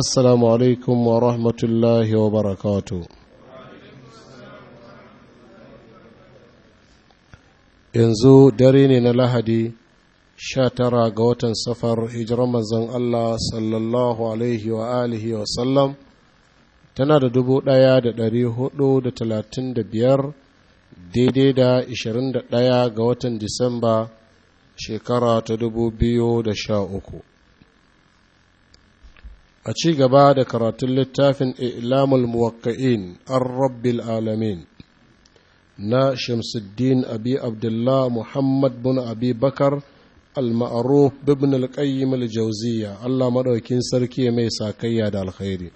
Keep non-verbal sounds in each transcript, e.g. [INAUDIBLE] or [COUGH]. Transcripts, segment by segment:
السلام عليكم ورحمة الله وبركاته yanzu dare ne na lahadi sha tara ga watan safar hijirar manzon Allah sallallahu alaihi wa alihi wa sallam tana da dubu ɗaya da ɗari hudu da talatin da biyar daidai da ishirin da ɗaya ga watan disamba shekara ta dubu biyu da sha uku a ci gaba da karatun littafin ilamul muwaƙa'in an rabbil alamin na shamsuddin abi abdullah muhammad bin abi bakar al-ma'ruf ibn al-qayyim Jauziya, Allah maɗaukin sarki mai sakayya da alkhairi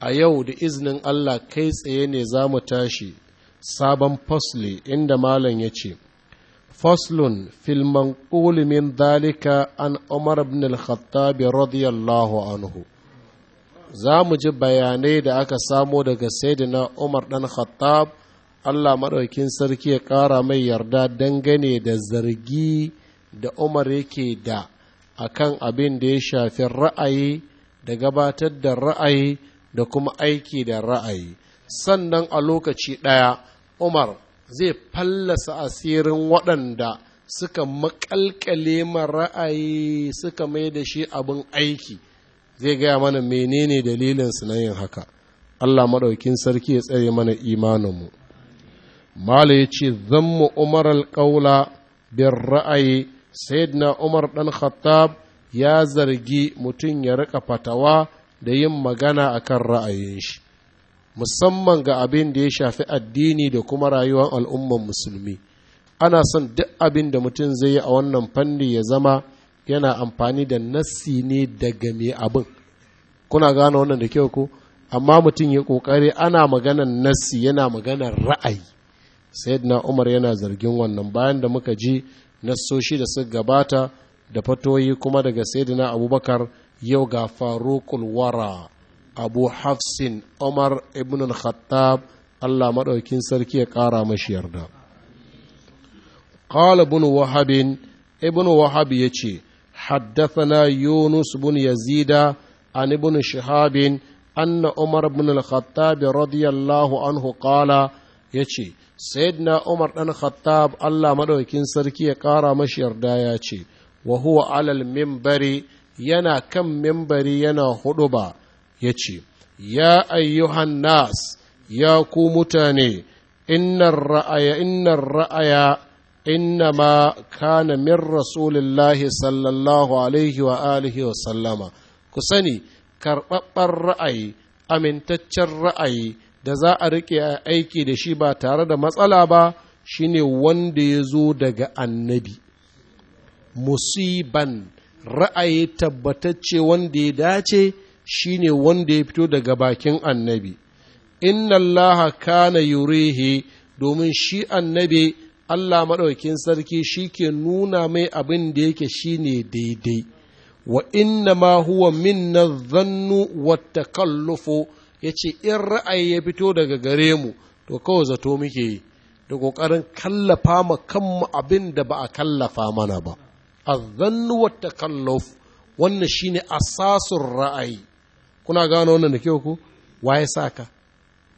a yau da iznin Allah kai tsaye ne za mu tashi sabon fasli inda malam ya ce faslun filman manqul min dalika an umar ibn al-khattab radiyallahu anhu za mu ji bayanai da aka samo daga sayyidina umar dan khattab Allah maɗaukin sarki ya ƙara mai yarda dangane da zargi da umar yake da akan abin da ya shafi ra'ayi da gabatar da ra'ayi da kuma aiki da ra'ayi sannan a lokaci ɗaya umar zai fallasa asirin waɗanda suka makalkale ra'ayi suka mai da shi abin aiki zai gaya mana menene dalilinsu na yin haka Allah maɗaukin sarki ya tsare mana imaninmu mala ya ce zanmu umar alƙaula bin ra'ayi na umar ɗan khattab ya zargi mutum ya riƙa fatawa da yin magana a kan ra'ayin shi musamman ga abin da ya shafi addini da kuma rayuwar al'umman musulmi ana son duk abin da mutum zai yi a wannan fanni ya zama yana amfani da nassi ne daga mai abin kuna gane wannan da kyau ko amma mutum ya kokari ana maganan nassi yana maganar ra'ayi sayyidina umar yana zargin wannan bayan da muka ji nassoshi da suka gabata da fatoyi kuma daga sayyidina abubakar yau ga faruqul abu hafsin umar ibn al allah maɗaukin sarki ya ƙara mashi yarda qala ibn wahab ibn wahab yace haddathana yunus ibn yazida an ibn shihab anna umar ibn al radiyallahu anhu qala yace sayyidina umar dan khattab allah maɗaukin sarki ya ƙara mashi yarda ya ce wa alal mimbari yana kan mimbari yana huɗuba. ya ce ya ayyuhan nas ya ku mutane innan ra'aya innan ra'aya innama kana min rasulillahi sallallahu alaihi wa alihi wa sallama ku sani karɓaɓɓen ra'ayi amintaccen ra'ayi da za a riƙe aiki da shi ba tare da matsala ba shine wanda ya zo daga annabi musiban ra'ayi tabbatacce wanda ya dace Shi ne wanda ya fito daga bakin annabi inna allaha kana yurihi domin shi annabi Allah maɗaukin sarki shi ke nuna mai abin da yake shi ne daidai wa inna ma huwa minna zannu wata kallufo ya ce in ra'ayi ya fito daga gare mu to kawai zato muke yi da ƙoƙarin kallafa ma kanmu abin da ba a kallafa mana ba a zannu wata takalluf wannan shine asasun ra'ayi kuna gano wannan da kyau ku waye sa ka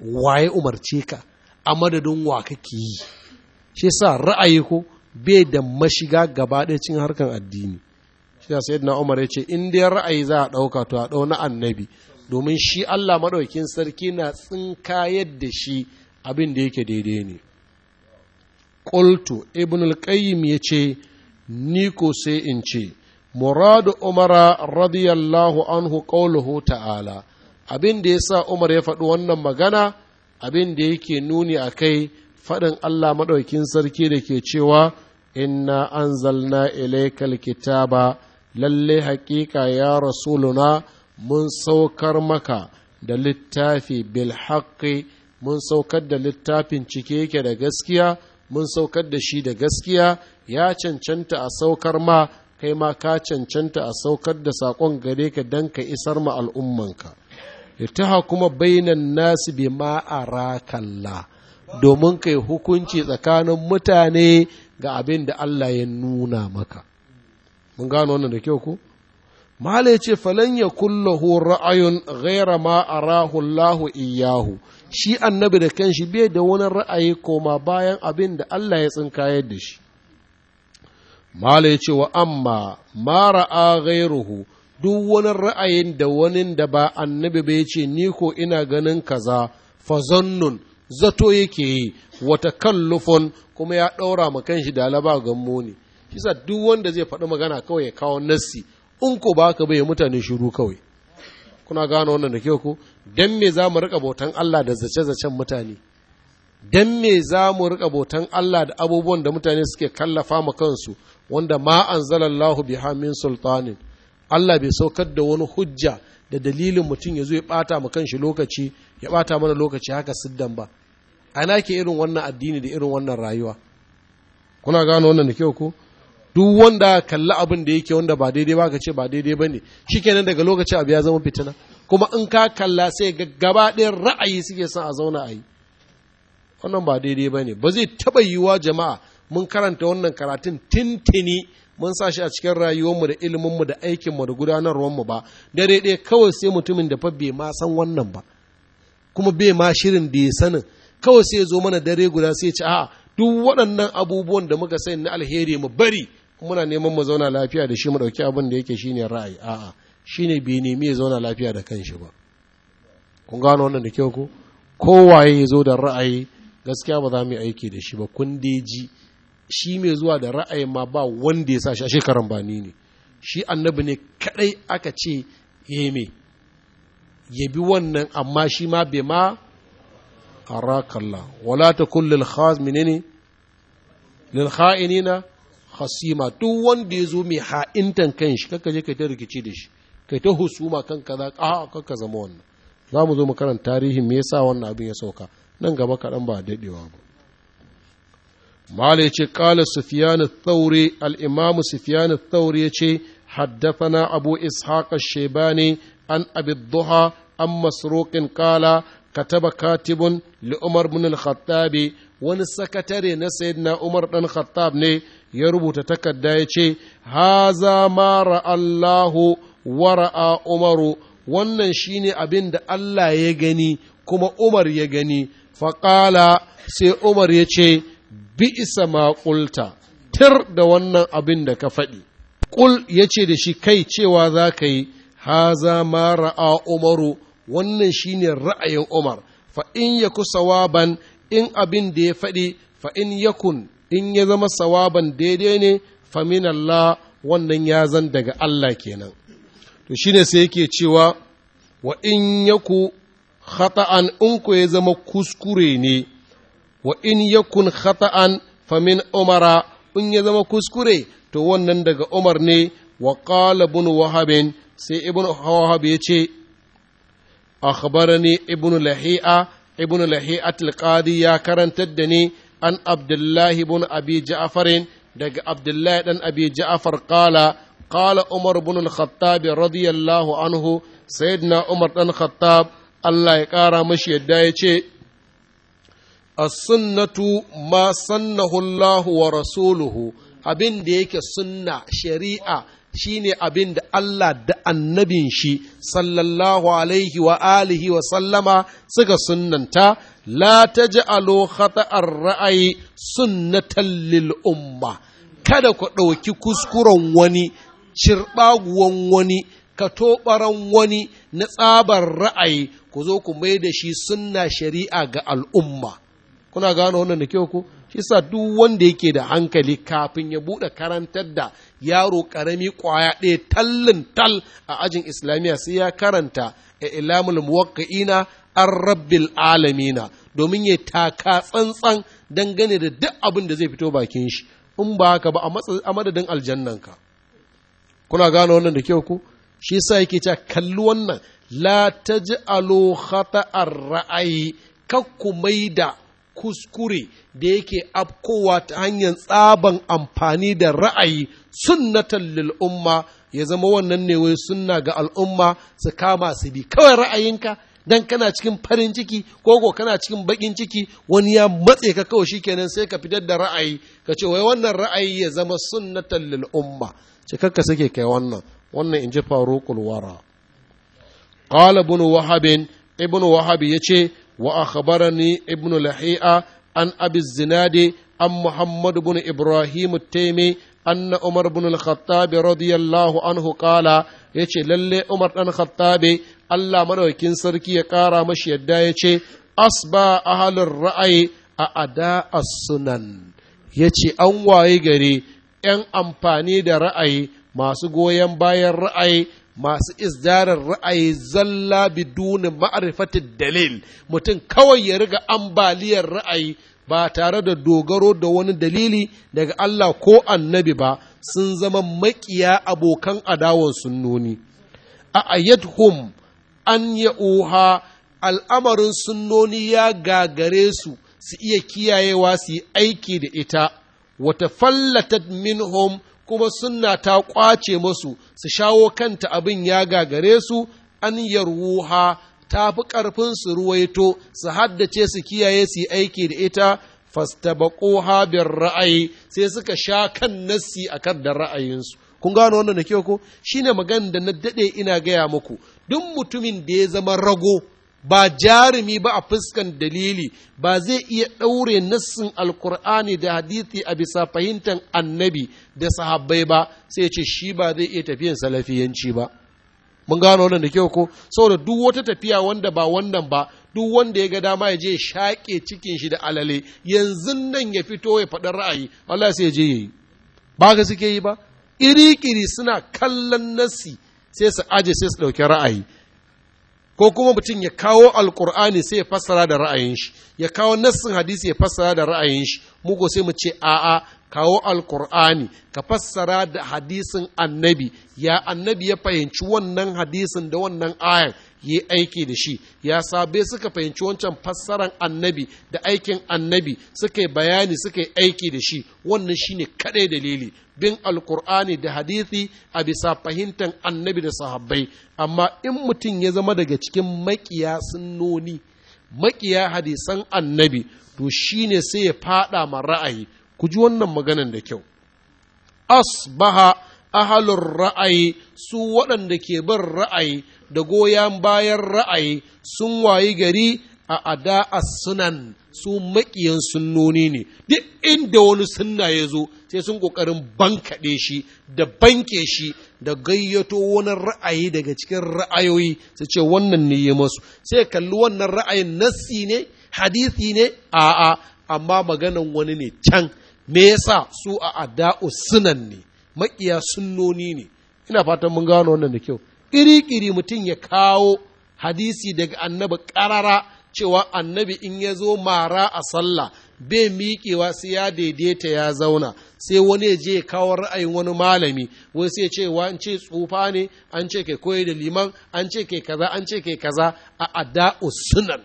waye umarce ka a madadin wa kake yi shi sa ra'ayi ko bai da mashiga gaba ɗaya cin harkan addini shi sa sayyidina Umar ya ce in dai ra'ayi za a ɗauka to a ɗau na annabi domin shi Allah maɗaukin sarki na tsinka da shi abin da yake daidai ne qultu ibn al-qayyim yace ni ko sai in ce muradu umara radiyallahu anhu qawluhu ta'ala abin da yasa umar ya faɗi wannan magana abin da yake nuni a kai faɗin Allah maɗaukin sarki da ke cewa inna anzalna ilaikal kitaba lalle haƙiƙa ya rasuluna mun saukar maka da littafi bil mun saukar da littafin cike yake da gaskiya mun saukar da shi da gaskiya ya cancanta a saukar ma kai ma ka cancanta a saukar da saƙon gare ka don ka isar ma al'ummanka littaha kuma bainan nasu bi a rakalla domin kai hukunci tsakanin mutane ga abin da Allah ya nuna maka mun gano wannan da kyau ku Mahala ce falan ya kullahu ra'ayun ghaira ma arahu Allahu iyahu shi annabi da kanshi bai da wani ra'ayi koma bayan abin da Allah ya tsinkayar da shi mala ya ce wa amma mara a gairuhu duk wani ra'ayin da wani da ba annabi bai ce niko ina ganin kaza fazannun zato yake yi wata kallufon kuma ya ɗaura ma kanshi da alaba gammo ne kisa duk wanda zai faɗi magana kawai ya kawo nassi in ko ba ka bai mutane shiru kawai kuna gano wannan da kyau ko dan me za mu rika bautan Allah da zace-zacen mutane dan me za mu rika bautan Allah da abubuwan da mutane suke kallafa ma kansu wanda ma anzalallahu bi hamin sultanin Allah bai saukar da wani hujja da dalilin mutum ya zo ya bata ma kanshi lokaci ya bata mana lokaci haka siddan ba ana ke irin wannan addini da irin wannan rayuwa kuna gano wannan da kyau ko duk wanda kalli abin da yake wanda ba daidai ba ka ce ba daidai ba ne shikenan daga lokaci abu ya zama fitina kuma in ka kalla sai ga gaba ɗayan ra'ayi suke son a zauna a yi wannan ba daidai ba ne ba zai taɓa yiwuwa jama'a mun karanta wannan karatun tintini mun sa shi a cikin rayuwarmu da iliminmu da aikinmu da gudanarwarmu ba dare ɗaya kawai sai mutumin da fa bai ma san wannan ba kuma bai ma shirin da ya sanin kawai sai zo mana dare guda sai ci a'a duk waɗannan abubuwan da muka sani na alheri mu bari muna neman mu zauna lafiya da shi mu ɗauki abin da yake shine ra'ayi a'a shine bai nemi ya zauna lafiya da kanshi ba kun gano wannan da kyau ko kowaye ya zo da ra'ayi gaskiya ba za mu yi aiki da shi ba kun ji shi mai zuwa da ra'ayin ma ba wanda ya sa shi a shekaran ba ni ne shi annabi ne kadai aka ce ya eh, me ya bi wannan amma shi ma bai ma rakalla wala ta kullum khas menene lil kha'inina duk wanda ya zo mai ha'intan kan shi kaka je kai ta rikici da shi kai ta husuma kan kaza a zama wannan za mu zo mu karanta tarihin me yasa wannan abin ya sauka nan gaba kaɗan ba daɗewa ba mala ya ce ƙala sufiyanu thauri al'imamu sufiyanu thauri ya ce حدثنا أبو إسحاق الشيباني عن أبي الضحى عن مسروق قال كتب كاتب لعمر بن wani sakatare na sayyidina Umar ɗan Khattab ne ya rubuta takarda ya ce, Haza mara Allahu wara'a Umaru, wannan shi ne abin da Allah ya gani kuma Umar ya gani, faƙala sai Umar ya ce, Bi ma maƙulta, tir da wannan abin da ka faɗi ya ce da shi kai cewa za ka yi haza ma ra'a umaru wannan shi ne ra'ayin umar fa in ku sawaban in abin da ya faɗi fa in ya kun in ya zama sawaban daidai ne fa min Allah wannan ya zan daga Allah kenan to shi ne sai yake cewa wa in ku khata'an in ku ya zama kuskure ne wa in yakun khata'an famin umara in ya zama kuskure to wannan daga umar ne wa qala ibn wahabin sai ibn wahab ya ce akhbarani ibn lahi'a ibn lahi'at al-qadi ya karantar da ni an abdullahi ibn abi ja'farin daga abdullahi dan abi ja'far qala qala umar ibn al-khattab radiyallahu anhu sayyidina umar dan khattab Allah ya kara mashi yadda ya ce as-sunnatu ma sannahu Allah wa rasuluhu abin da yake sunna shari'a shine abin da Allah da annabin shi sallallahu alaihi wa alihi wa sallama suka sunnanta la taj'alu khata'ar ra'ayi sunnatan lil umma kada ku ɗauki kuskuren wani shirɓaguwan wani ka toɓaran wani na tsabar ra'ayi ku zo ku mai da shi sunna shari'a ga al'umma kuna gano wannan da kyau ko shi sa duk wanda yake da hankali kafin ya bude karantar da yaro karami ƙwaya ɗaya tallin tal a ajin islamiyya sai ya karanta a ilamul muwakkaina an rabbil alamina domin ya taka tsantsan dangane da duk abin da zai fito bakin shi in ba haka ba a madadin ka kuna gano wannan da kyau ko shi sa yake cewa kalli wannan la taj'alu khata'ar ra'ayi kakku mai da kuskure da yake afkowa ta hanyar tsaban amfani da ra'ayi sunnatan lil umma ya zama wannan ne wai sunna ga al'umma su kama su bi kawai ra'ayinka dan kana cikin farin ciki ko ko kana cikin bakin ciki wani ya matse ka kawai shikenan sai ka fitar da ra'ayi ka ce wai wannan ra'ayi ya zama sunnatan lil umma ce kakka sake kai wannan wannan in ji faruqul wara qala ibn wahab ibn wahab yace wa akhbarani ibnu lahi'a an abi zinadi an muhammad ibn ibrahim taimi anna umar ibn al radiyallahu anhu kala yace lalle umar dan khattabi Allah madaukin sarki ya ƙara mashi yadda yace asba ahlur ra'ayi a ada as yace an wayi gari yan amfani da ra'ayi masu goyon bayan ra'ayi masu izdarar ra'ayi zalla biduni ma'arifatin dalil mutum kawai ya riga ambaliyar ra'ayi ba tare da dogaro da wani dalili daga Allah ko annabi ba sun zama makiya abokan adawan sunnoni a ayyadhum an ya'uha al'amarin sunnoni ya gagare su su iya kiyayewa su yi aiki da ita wata fallatat minhum kuma suna ta ƙwace masu su shawo kanta abin ya gagare su an yarwuha ta fi ƙarfin su ruwaito su haddace su kiyaye su yi aiki da ita baƙo haɓin ra'ayi sai suka sha kan nassi a kan da ra'ayinsu kun gano wannan da kyau ko shine magana da na daɗe ina gaya muku duk mutumin da ya zama rago ba jarumi ba a fuskan dalili ba zai iya ɗaure nassin alkur'ani da hadithi a bisa fahimtar annabi da sahabbai ba sai ce shi ba zai iya tafiyan salafiyanci ba mun gano wannan da kyau ko saboda duk wata tafiya wanda ba wannan ba duk wanda ya ga dama ya je shaƙe cikin shi da alale yanzu nan ya fito ya faɗin ra'ayi Allah sai ya je yayi ba ga suke yi ba iri-kiri suna kallon nasi sai su aje sai su ɗauki ra'ayi ko kuma mutum ya kawo alkur'ani sai ya fassara da ra'ayin shi ya kawo nassin hadisi ya fassara da ra'ayin shi mugu sai mu ce a'a kawo alkur'ani ka fassara da hadisin annabi ya annabi ya fahimci wannan hadisin da wannan ayan yi aiki da shi ya sabe suka fahimci wancan fassaran annabi da aikin annabi suka yi bayani suka yi aiki da shi wannan shine kaɗai dalili bin alkur'ani da hadithi a bisa fahimtar annabi da sahabbai amma in mutum ya zama daga cikin makiya sunnoni makiya hadisan annabi to shine sai ya fada ma ra'ayi ku ji wannan maganan da kyau asbaha ahalur ra'ayi su waɗanda ke bin ra'ayi da goyon bayan ra'ayi sun wayi gari a ada sunan su maƙiyan sunnoni ne duk inda wani sunna ya zo sai sun ƙoƙarin bankaɗe shi da banke shi da gayyato wani ra'ayi daga cikin ra'ayoyi su ce wannan ne ya masu sai kalli wannan ra'ayin nassi ne hadisi ne a'a amma maganan wani ne can me yasa su a ada'u sunan ne maƙiya sunnoni ne ina fatan mun gano wannan da kyau iri-iri mutum ya kawo hadisi daga annabi ƙarara cewa annabi in ya zo mara a sallah bai miƙewa sai ya daidaita ya zauna sai wani ya je kawo ra'ayin wani malami wai sai cewa an ce tsufa ne an ce kai koyi da liman an ce kai kaza an ce kai kaza a ada'u sunan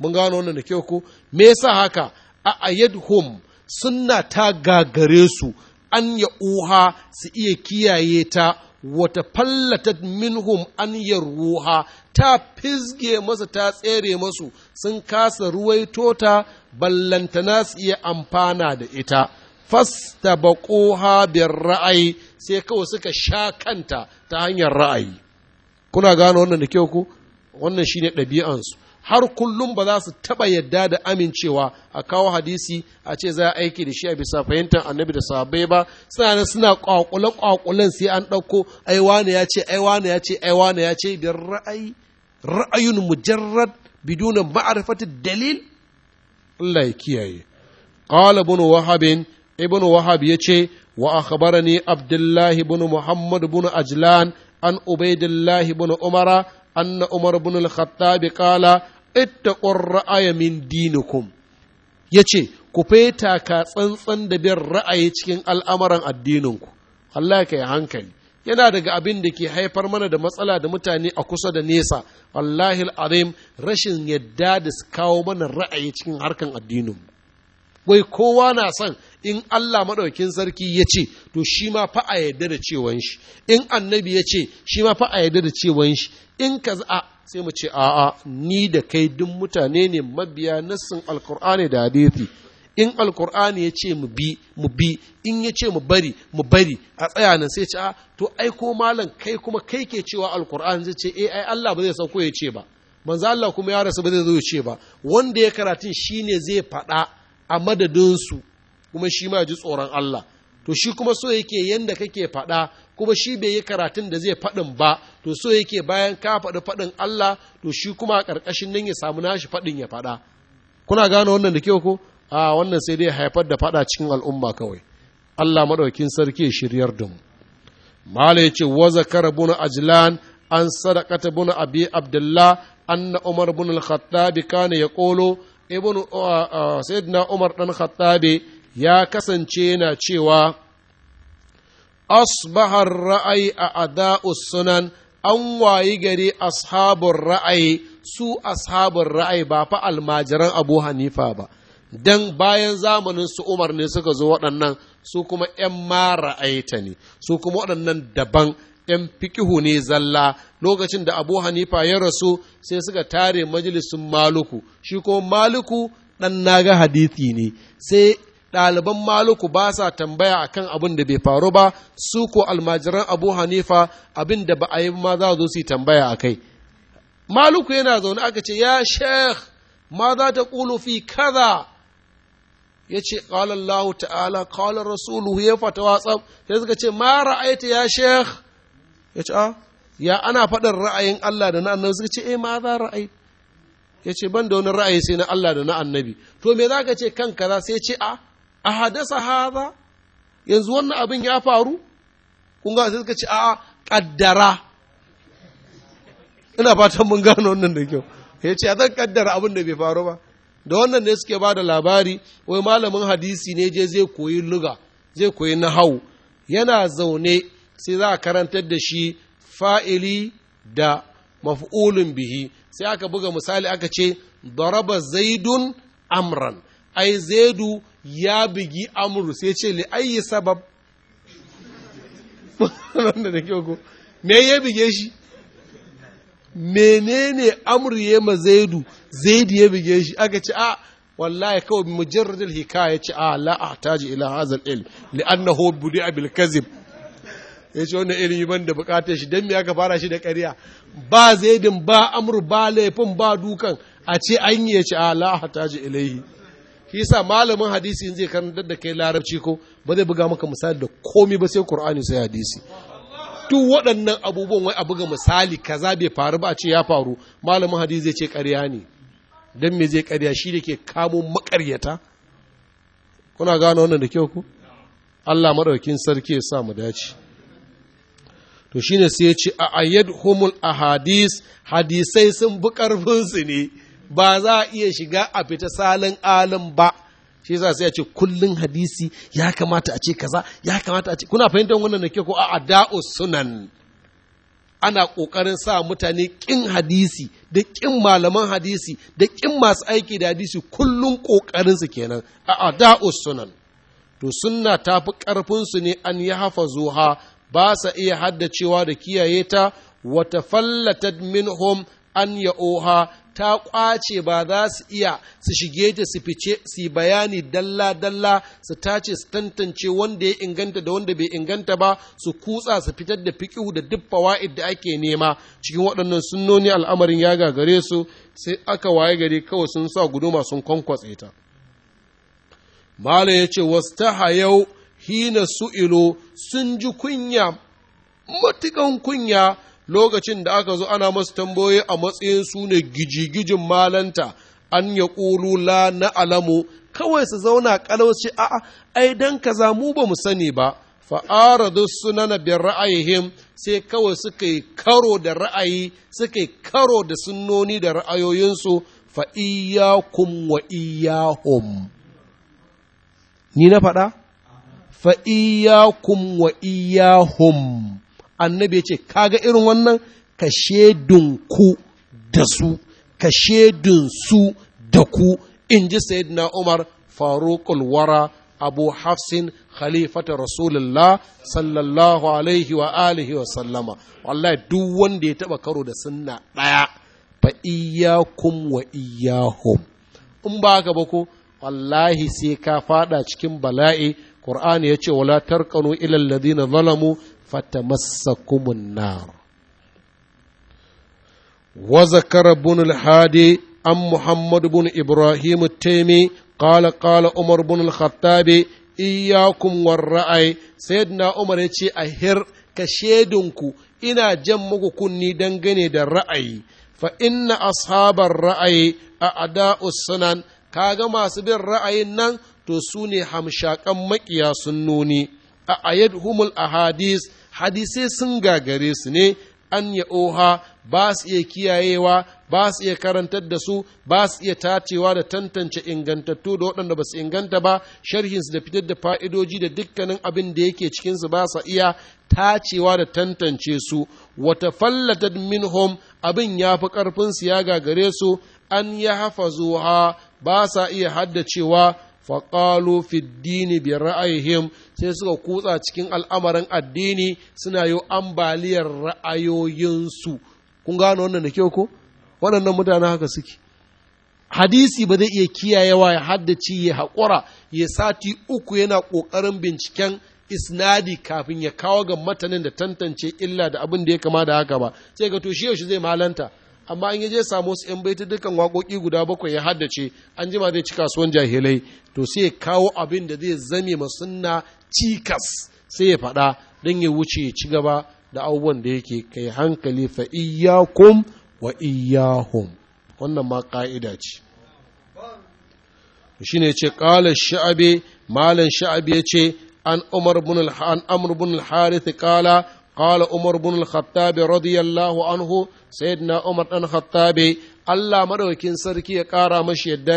mun gano wannan da kyau ko me yasa haka a ayadhum sunna ta gagare su an ya uha su iya kiyaye ta wata fallatat minhum an yarwuha ta fizge masa ta tsere masu sun kasa ruwaito ta ballanta nasu iya amfana da ita fasta baƙoha biyar ra'ayi sai kawai suka sha kanta ta hanyar ra'ayi kuna gano wannan da kyau ku wannan shine ɗabi'ansu har kullum ba za su taɓa yadda da amincewa a kawo hadisi a ce za a aiki da shi a bisa fahimtar annabi da sahabbai ba suna nan suna kwakule kwakulen sai an ɗauko ai wane ya ce ai ya ce ai ya ce bin ra'ayi ra'ayun mujarrad biduna ma'rifati dalil Allah ya kiyaye qala ibn wahab ibn wahab yace wa akhbarani abdullah ibn muhammad ibn ajlan an ubaidillah ibn umara أن عمر بن الخطاب قال ittaqur ra'aya min ya ce ku feta ka tsantsan da bin ra'ayi cikin al'amuran addininku Allah ka yi hankali yana daga abin da ke haifar mana da matsala da mutane a kusa da nesa wallahi al'azim rashin yadda da su kawo mana ra'ayi cikin harkar addininmu wai kowa na son in Allah maɗaukin sarki ya ce to shi ma fa a yarda da cewan shi in annabi ya ce shi ma fa a yarda da cewan shi in ka a sai mu ce a'a ni da kai duk mutane ne mabiya nassin alkur'ani da hadithi in alkur'ani ya ce mu bi mu bi in ya ce mu bari mu bari a tsaya nan sai ce a to ai ko malam kai kuma kai ke cewa alkur'ani zai ce eh ai Allah ba zai sauko ya ce ba manzo Allah kuma ya rasu ba zai zo ya ce ba wanda ya karatun shine zai faɗa a madadinsu kuma shi ma ji tsoron Allah to shi kuma so yake yanda kake faɗa kuma shi bai yi karatun da zai faɗin ba to so yake bayan ka faɗi faɗin Allah to shi kuma a ƙarƙashin nan ya samu nashi faɗin ya faɗa kuna gane wannan da kyau ko a wannan sai dai haifar da faɗa cikin al'umma kawai Allah maɗaukin sarki ya shiryar da mu mala ya ce wa zakara bunu ajlan an sadaqata bunu abi abdullah anna umar bin al-khattab kana yaqulu ibn uh, uh, sayyidina umar dan khattabe ya kasance na cewa asbahar ra'ayi a ada'us sunan an wayi gari ashabun ra'ayi su ashabun ra'ayi ba fa almajiran abu hanifa ba dan bayan zamanin su umar ne suka zo waɗannan su kuma ‘yan mara'aita ne su kuma waɗannan daban ‘yan fikihu ne zalla lokacin da abu hanifa ya rasu sai suka tare majalisun maluku shi ko maluku ɗan naga hadithi ne sai ɗaliban maluku ba sa tambaya akan abin da bai faru ba su ko almajiran abu hanifa abin da ba a yi ma za zo su tambaya a kai maluku yana zaune aka ce ya sheikh ma za ta ƙulu fi kaza ya ce ƙalallahu ta'ala ƙalar rasulu ya fata tsab sai suka ce ma ra'aita ya sheikh ya ce a ah, ya ana faɗin ra'ayin Allah da na annabi suka ce eh ma za ra'ayi ya ce ban da wani ra'ayi sai na Allah da na annabi to me za ka ce kan kaza sai ce a ah, a hadasa haza yanzu wannan abin ya faru kun ga sai suka ce a kaddara ina fatan mun gano wannan da kyau ya ce a zan kaddara abin da bai faru ba da wannan ne suke ba da labari wai malamin hadisi ne je zai koyi luga zai koyi nahawu yana zaune sai za a karantar da shi fa'ili da maf'ulun bihi sai aka buga misali aka ce daraba zaidun amran ai zaidu ya bigi amru sai ce li ayi sabab [LAUGHS] me ya bige shi menene amru ya ma zaidu zaidu ya bige shi aka ce a ah, wallahi kawai mujarradul hikaya ce a ah, la taji ila hazal ilm li annahu budi bil kazib ya ce wanda ilimi ban da bukatar shi don me aka fara shi da ƙarya ba zaidin ba amur ba laifin ba dukan a ce an yi ya ce ala ah, hataji ilaihi shi sa malamin hadisi in zai karantar da kai larabci ko ba zai buga maka misali da komi ba sai qur'ani sai hadisi duk waɗannan abubuwan wai a buga misali kaza bai faru ba a ce ya faru malamin hadisi zai ce ƙarya ne don me zai ƙarya shi da ke kamo makaryata kuna gano wannan da kyau ku Allah maɗaukin sarki ya sa mu dace to shine sai ya ce a ayyad a ahadis hadisai sun bi ƙarfinsu ne ba za a iya shiga a fita salin alin ba shi yasa sai ya ce kullun hadisi ya kamata a ce kaza ya kamata a ce kuna fahimtar wannan da ke ko a da'u sunan ana ƙoƙarin sa mutane ƙin hadisi da ƙin malaman hadisi da ƙin masu aiki da hadisi kullum ƙoƙarinsu kenan a da'us sunan to sunna ta fi ƙarfinsu ne an yi hafa zuha ba sa iya haddacewa da kiyaye ta wata min hom an oha, ta kwace ba za su iya su shige ta su fice su bayani dalla-dalla su tace su tantance wanda ya inganta da wanda bai inganta ba su kutsa su fitar da fiƙihu da duk fawa'id da ake nema cikin waɗannan sunnoni al'amarin ya gagare su sai aka waye gari kawai sun sa guduma sun kwankwatse ta mala ya ce wasu ta hina su su'ilo sun ji kunya matukan kunya lokacin da aka zo ana masu tambayoyi a matsayin su ne gijigijin malanta an ya ƙulu la na alamu kawai su zauna ƙalauci a'a ai dan kaza mu ba mu sani ba fa'aradu sunana bi ra'ayihim sai kawai suka yi karo da ra'ayi suka yi karo da sunnoni da ra'ayoyinsu fa'iyakum iyyakum ni na faɗa fa iyakum wa iyahum annabi ya ce kaga irin wannan ka ku da su ka su da ku in ji sayyidina umar faruqul wara abu hafsin khalifata rasulullah sallallahu alaihi wa alihi wa sallama wallahi duk wanda ya taba karo da sunna daya fa iyakum wa iyahum in ba haka ba ko wallahi sai ka fada cikin bala'i ƙur'ani ya ce wala tarkanu ilal ladina zalamu fatamassakumun nar wa zakara ibn an muhammad ibn ibrahim at-taymi kala umar ibn al-khattab iyyakum war ra'ay na umar ya ce a hir ka shedinku ina jan muku kunni dangane da ra'ayi fa inna ashabar ra'ayi a ada'us sunan kaga masu bin ra'ayin nan to su ne hamshakan makiya noni a ayyad humul ahadis hadisai sun gagare su ne an ya oha ba su iya kiyayewa ba su iya karantar da su ba su iya tacewa da tantance ingantattu da waɗanda ba su inganta ba sharhinsu da fitar da fa'idoji da dukkanin abin da yake cikinsu ba su iya tacewa da tantance su wata fallatar hom abin ya fi ƙarfinsu ya gagare su an ya hafa zuwa ba sa iya haddacewa wa fiddini bi ra'ayihim sai suka kutsa cikin al'amarin addini suna yi ambaliyar ra'ayoyinsu kun gano wannan da kyau ko waɗannan mutane haka suke hadisi ba zai iya kiyayewa ya haddaci ya haƙura ya sati uku yana ƙoƙarin binciken isnadi kafin ya kawo ga matanin da tantance illa da abin da ya kama da haka ba sai ga to shi yaushe zai malanta amma an yaje samu wasu yan baiti dukkan waƙoƙi guda bakwai ya haddace an jima zai ci kasuwan jahilai to sai ya kawo abin da zai zame masunna cikas sai ya faɗa don ya wuce ya ci gaba da abubuwan da yake kai hankali fa iyakum wa iyahum wannan ma ka'ida ce shi ne ce ƙalar sha'abe malan sha'abe ya ce an umar bin al-harith قال عمر بن الخطاب رضي الله عنه سيدنا عمر بن الخطاب الله مدوكين سركي يا قارا مشي wa ashabar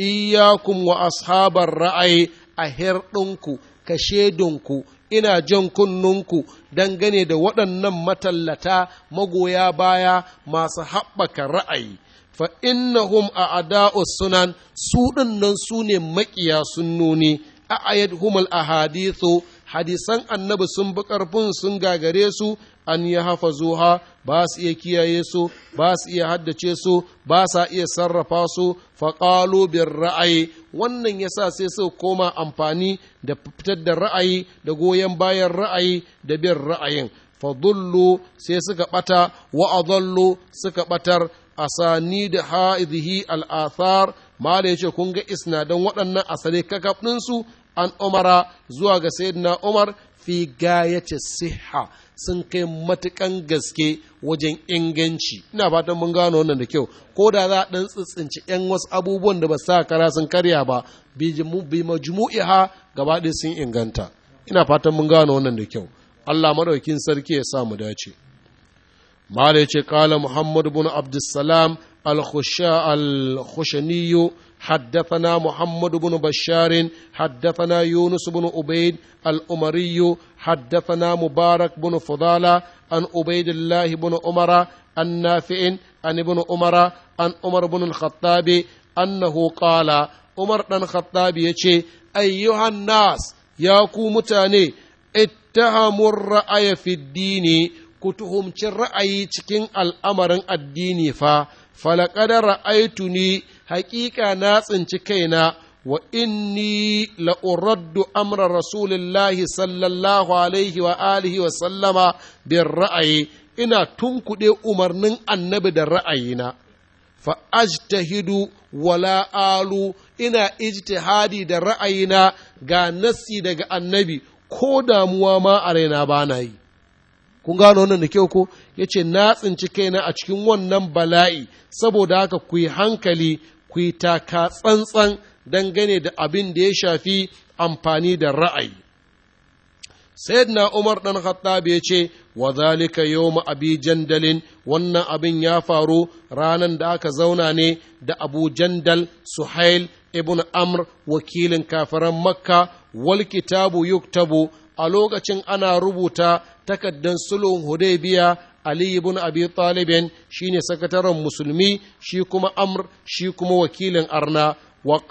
اياكم واصحاب الراي اهردنكو kashedunku ina jan kunnunku dangane da waɗannan matallata magoya baya masu haɓaka ra'ayi fa innahum a ada'us sunan su ɗinnan su ne maƙiya sunnoni a ayat humal ahadithu hadisan annabi sun bi ƙarfin sun gagare su an yi hafa zuha ba su iya kiyaye su ba su iya haddace su ba sa iya sarrafa su faƙalo bin ra'ayi wannan yasa sai su koma amfani da fitar da ra'ayi da goyon bayan ra'ayi da bin ra'ayin fadullu sai suka ɓata wa'adallu suka ɓatar asani da ha'izihi al'athar mala ya ce kun ga isnadan waɗannan asalin kakaf ɗinsu an umara zuwa ga sayyidina umar fi gayace siha sun kai matukan gaske wajen inganci ina fatan mun gano wannan da kyau ko da za a dan tsitsinci yan wasu abubuwan da ba sa kara sun karya ba bi ha gaba ɗaya sun inganta ina fatan mun gano wannan da kyau Allah madaukin sarki ya sa mu dace mala ce qala muhammad ibn abdussalam al-khusha al حدثنا محمد بن بشار حدثنا يونس بن عبيد الأمري حدثنا مبارك بن فضالة عن عبيد الله بن عمر عن نافع عن ابن عمر عن عمر بن الخطاب أنه قال عمر بن الخطاب يشي أيها الناس يا متاني اتهموا الرأي في الدين ku tuhumci ra'ayi cikin al'amarin addini fa, falaƙadar ra'aitu ni haƙiƙa na tsinci kaina wa inni la'uraddu amra rasulillahi sallallahu alaihi wa alihi wa sallama bin ra'ayi ina tunkuɗe umarnin annabi da ra'ayina fa ajtahidu wala alu ina ijtihadi da ra'ayina ga nassi daga annabi ko damuwa ma a raina ba na yi kun gano wannan da kyau ko ya ce na tsinci kaina a cikin wannan bala'i saboda haka ku yi hankali ku yi taka tsantsan dangane da abin da ya shafi amfani da ra'ayi na umar ɗan khattab ya ce wa zalika yau abi jandalin wannan abin ya faru ranar da aka zauna ne da abu jandal suhail ibn amr wakilin kafiran makka wal kitabu yuktabu a lokacin ana rubuta takaddan sulhun hudaybiya Ali ibn Abi Talibin shine sakataren musulmi shi kuma Amr shi kuma wakilin Arna wa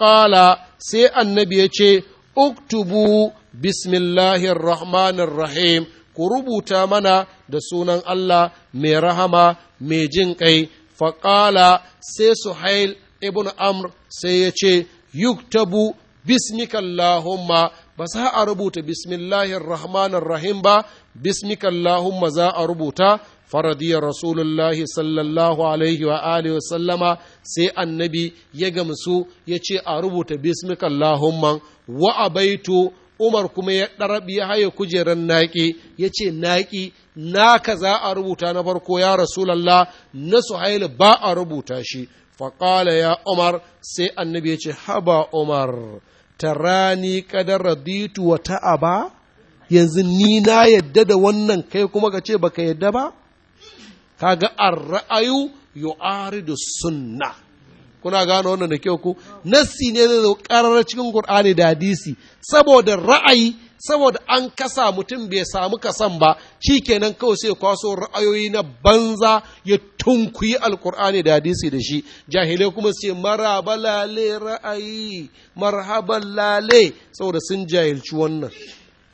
sai annabi ya ce uktubu bismillahirrahmanirrahim ku rubuta mana da sunan Allah mai rahama mai jin ƙai. faƙala sai Suhail ibn Amr sai ya ce yuktabu bismikallahumma ba za a rubuta bismillahir rahim ba bismikallahumma za a rubuta faradiyar rasulullahi sallallahu alaihi wa alihi sallama sai annabi ya gamsu ya ce a rubuta bismikallahumma wa umar kuma ya ɗarabi ya haye kujerar naƙi ya ce naƙi naka za a rubuta na farko ya rasulallah na suhail ba a rubuta shi faƙala ya umar sai annabi ya ce haba umar ta tarani ƙadar raditu wa ta'aba yanzu ni na yadda da wannan kai kuma ka ce baka yadda ba kaga ar-ra'ayu yu'aridu sunna kuna gano wannan da kyau ku? nassi ne da zo karar cikin qur'ani da hadisi saboda ra'ayi saboda an kasa mutum bai samu kasan ba shi kenan kawai sai kwaso ra'ayoyi na banza ya tunkuyi alqur'ani da hadisi da shi jahilai kuma su ce maraba lale ra'ayi marhaban lale saboda sun jahilci wannan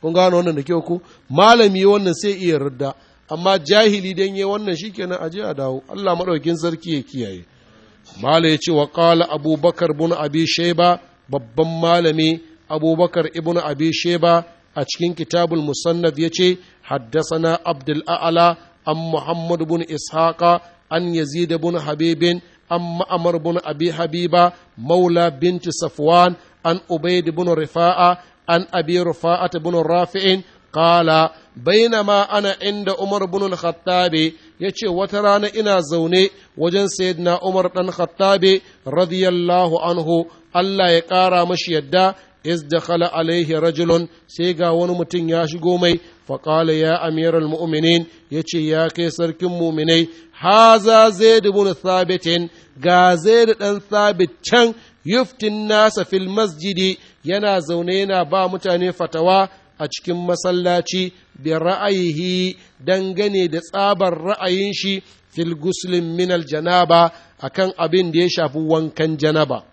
kun gano wannan da kyau ku malami wannan sai iya rudda amma jahili dan yi wannan shikenan aje a dawo Allah madaukin sarki ya kiyaye mala ya ce wa qala abubakar bin abi shayba babban malami abubakar ibn abi shayba a cikin kitabul ce haddasa na abdul a'la an muhammad bin ishaqa an yazid bin habibin an ma'amar bin abi habiba maula binti safwan an ubaid bin rifa'a an abi rifa'at bin rafi'in qala bainama ana inda Umar bin al-Khattabi yace wata rana ina zaune wajen sayyidina Umar dan Khattabi radiyallahu anhu Allah ya ƙara mashi yadda iz dakhala alaihi rajulun sai ga wani mutum ya shigo mai faƙala ya amiral mu'minin ya ce ya kai sarkin muminai haza zaid ibn thabitin ga zaid dan thabit can yuftin nasa fil masjidi yana zaune yana ba mutane fatawa a cikin masallaci bi ra'ayihi dangane da tsabar ra'ayin shi fil guslin min janaba akan abin da ya shafi wankan janaba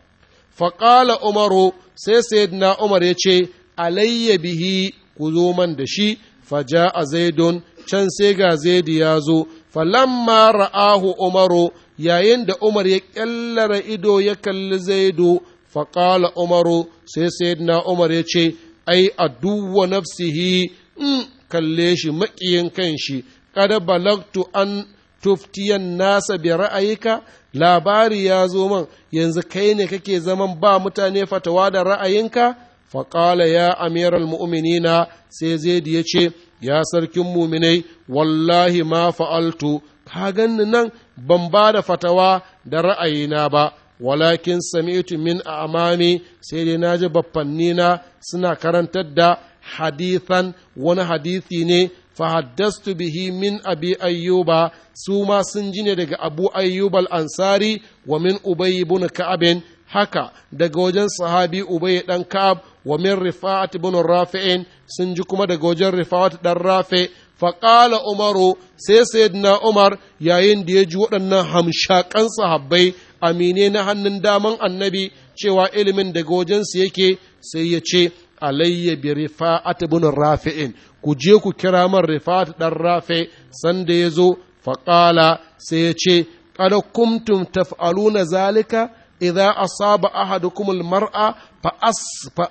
faƙala umaru sai sayyidina umar ya ce alayya bihi ku zo man da shi faja a zaidun can sai ga zaidu ya zo falamma ra'ahu umaru yayin da umar ya ƙyallara ido ya kalli zaidu faƙala umaru sai sayyidina umar ya ce ai a aduwa nafsihi in kalle shi maƙiyin shi, kada balagtu an tuftiyan nasa bi ra'ayika labari ya zo man yanzu kai ne kake zaman ba mutane fatawa da ra'ayinka faƙala ya amiral mu'minina sai zaidi ya ce ya sarkin muminai wallahi ma fa'altu ka ganni nan ban ba da fatawa da ra'ayina ba walakin sami'tu min amami sai dai naji baffanni na suna karantar da hadithan wani hadithi ne fahaddastu bihi min abi ayyuba su ma sun ji ne daga abu ayyubal ansari wa min ubay ibn ka'abin haka daga wajen sahabi ubay dan ka'ab wa min rifa'at ibn rafi'in sun ji kuma daga wajen rifa'at dan rafi faƙala umaru sai sayyidina umar yayin da ya ji waɗannan hamshaƙan sahabbai amine na hannun daman annabi cewa ilimin daga wajensu yake sai ya ce alayya bi rifa'at ibn rafi'in ku je ku kira man rifa'at dan rafi sanda ya zo faƙala sai ya ce qad kuntum taf'aluna zalika idza asaba ahadukum almar'a fa asfa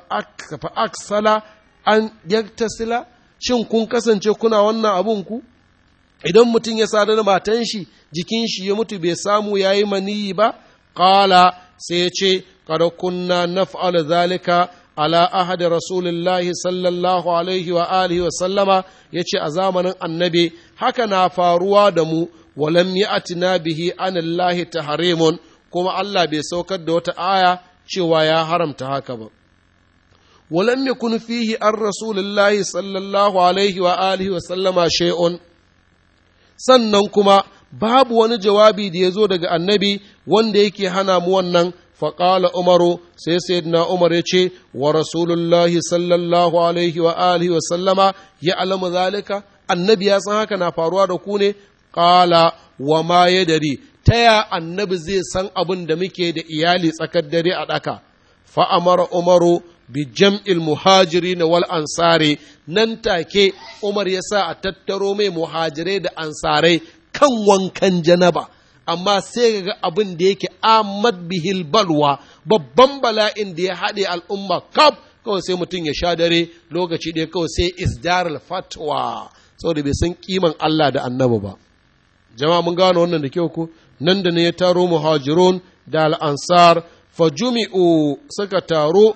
fa aksala an yaktasila shin kun kasance kuna wannan abun ku idan mutum ya sadar da matan shi jikin shi ya mutu bai samu yayi maniyi ba Ƙala. sai ya ce qad kunna naf'al zalika ala ahadi rasulillahi sallallahu alaihi wa alihi wa sallama Ya ce a zamanin annabi haka na faruwa da mu walam atina bihi ta haremun kuma Allah bai saukar da wata aya cewa ya haramta haka ba walam yakun fihi an rasulillahi sallallahu alaihi wa alihi wa sallama sannan kuma babu wani jawabi da ya zo daga annabi wanda yake hana mu wannan faƙala umaru sai sayyidina umar ya ce wa rasulullahi sallallahu alaihi wa alihi wa sallama ya alamu zalika annabi ya san haka na faruwa da ku ne ƙala wa ma ya dari ta ya annabi zai san abin da muke da iyali tsakar dare a ɗaka fa'amara umaru bi jam'il muhajiri na wal ansari nan take umar ya sa a tattaro mai muhajirai da ansarai kan wankan janaba amma sai ga abin da yake ahmad bihil balwa babban bala'in da ya haɗe al'umma kaf kawai sai mutum ya sha dare lokaci ɗaya kawai sai isdarul fatwa saboda bai san kiman Allah da annabi ba jama'a mun gano wannan da kyau ko nan da ne ya taro muhajirun da al'ansar fajumi'u suka taro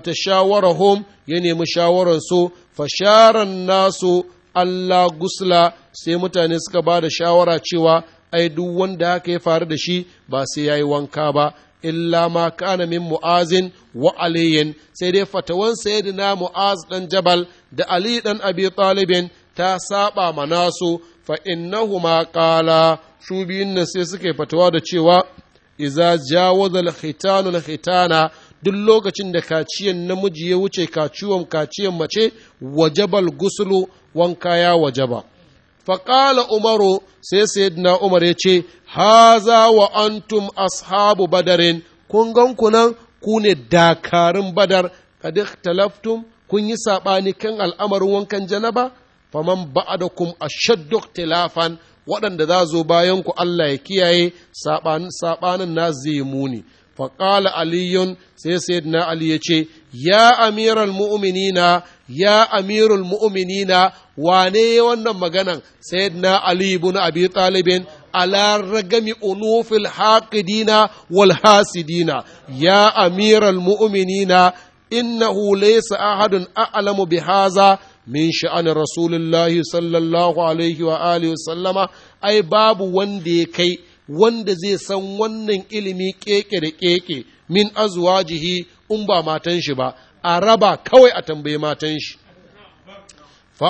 fata hom ya nemi shawararsu fasharan nasu Allah gusla sai mutane suka ba da shawara cewa ai duk wanda haka ya faru da shi ba sai ya yi wanka ba illa ma kana min mu'azin wa aliyin sai dai fatawan sayyidina mu'az dan jabal da ali dan abi talibin ta saba ma nasu fa ma qala su biyun nan sai suke fatawa da cewa iza jawaza al-khitanu al-khitana duk lokacin da kaciyan namiji ya wuce kaciwon kaciyan mace wajabal gusulu wanka ya wajaba faƙala umaru sai sayyidina umar ya ce haza wa antum ashabu badarin kun gan ku nan ku ne dakarun badar kadik talaftum kun yi saɓani kan al'amarin wankan janaba faman ba'adakum ashaddu tilafan waɗanda za zo bayan ku Allah ya kiyaye saɓanin na muni faƙala aliyun sai sayyidina ali ya ce ya amiral mu'minina ya amiral mu'minina wane wannan maganar? sayyidina ali ibn abi talibin ala ragami unufil haqidina wal hasidina ya amiral mu'minina innahu laysa ahadun a'lamu bihaza min sha'an rasulillahi sallallahu alaihi wa alihi ai babu wanda ya kai wanda zai san wannan ilimi keke da keke min jihi in ba matan shi ba a raba kawai a tambayi matan shi fa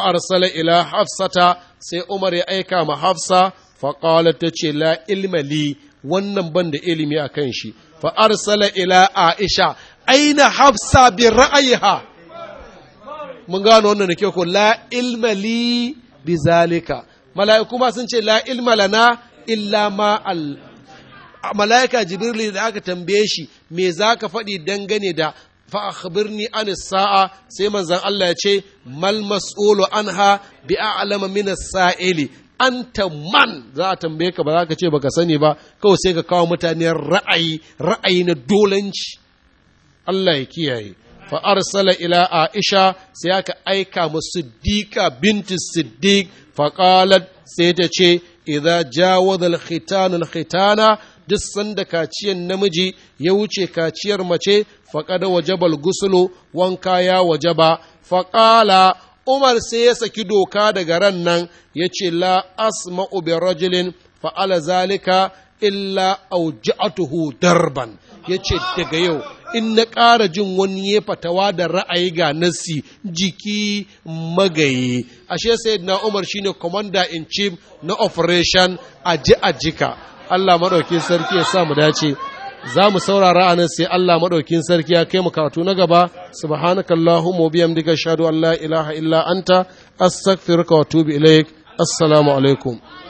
ila hafsata sai umar ya aika ma hafsa fa ta ce la ilmali wannan ban da ilimi a kan shi fa ila aisha aina hafsa bi ra'ayiha mun gano wannan da ke ko la ilmali bi zalika mala'iku ma sun ce la ilmala na? illa ma al malaika jibrili da aka tambaye shi me zaka faɗi dangane da fa akhbirni an sa'a sai manzon Allah ya ce mal mas'ulu anha bi a'lama min as-sa'ili anta man za a tambaye ka ba za ka ce baka sani ba kawai sai ka kawo mutane ra'ayi ra'ayi na dolanci Allah ya kiyaye fa arsala ila aisha sai aka aika mu siddiqa binti siddiq fa qalat sai ta ce idza jawaza al-khitan al-khitana duk sanda kaciyar namiji ya wuce kaciyar mace faqada wajabal gusulu wanka ya wajaba faqala Umar sai ya saki doka daga ran nan yace ce la asma'u bi rajulin fa'ala zalika illa auja'atuhu darban yace daga yau in na ƙara jin wani ya fatawa da ra'ayi ga nasi jiki magayi ashe Said na umar shine commander in chief na operation aji ajika Allah maɗaukin sarki ya sa mu dace za mu saurara anan sai Allah maɗaukin sarki ya kai mu karatu na gaba mu bihamdika diga an Allah, ilaha illa anta astaghfiruka wa atubu ilaik assalamu alaikum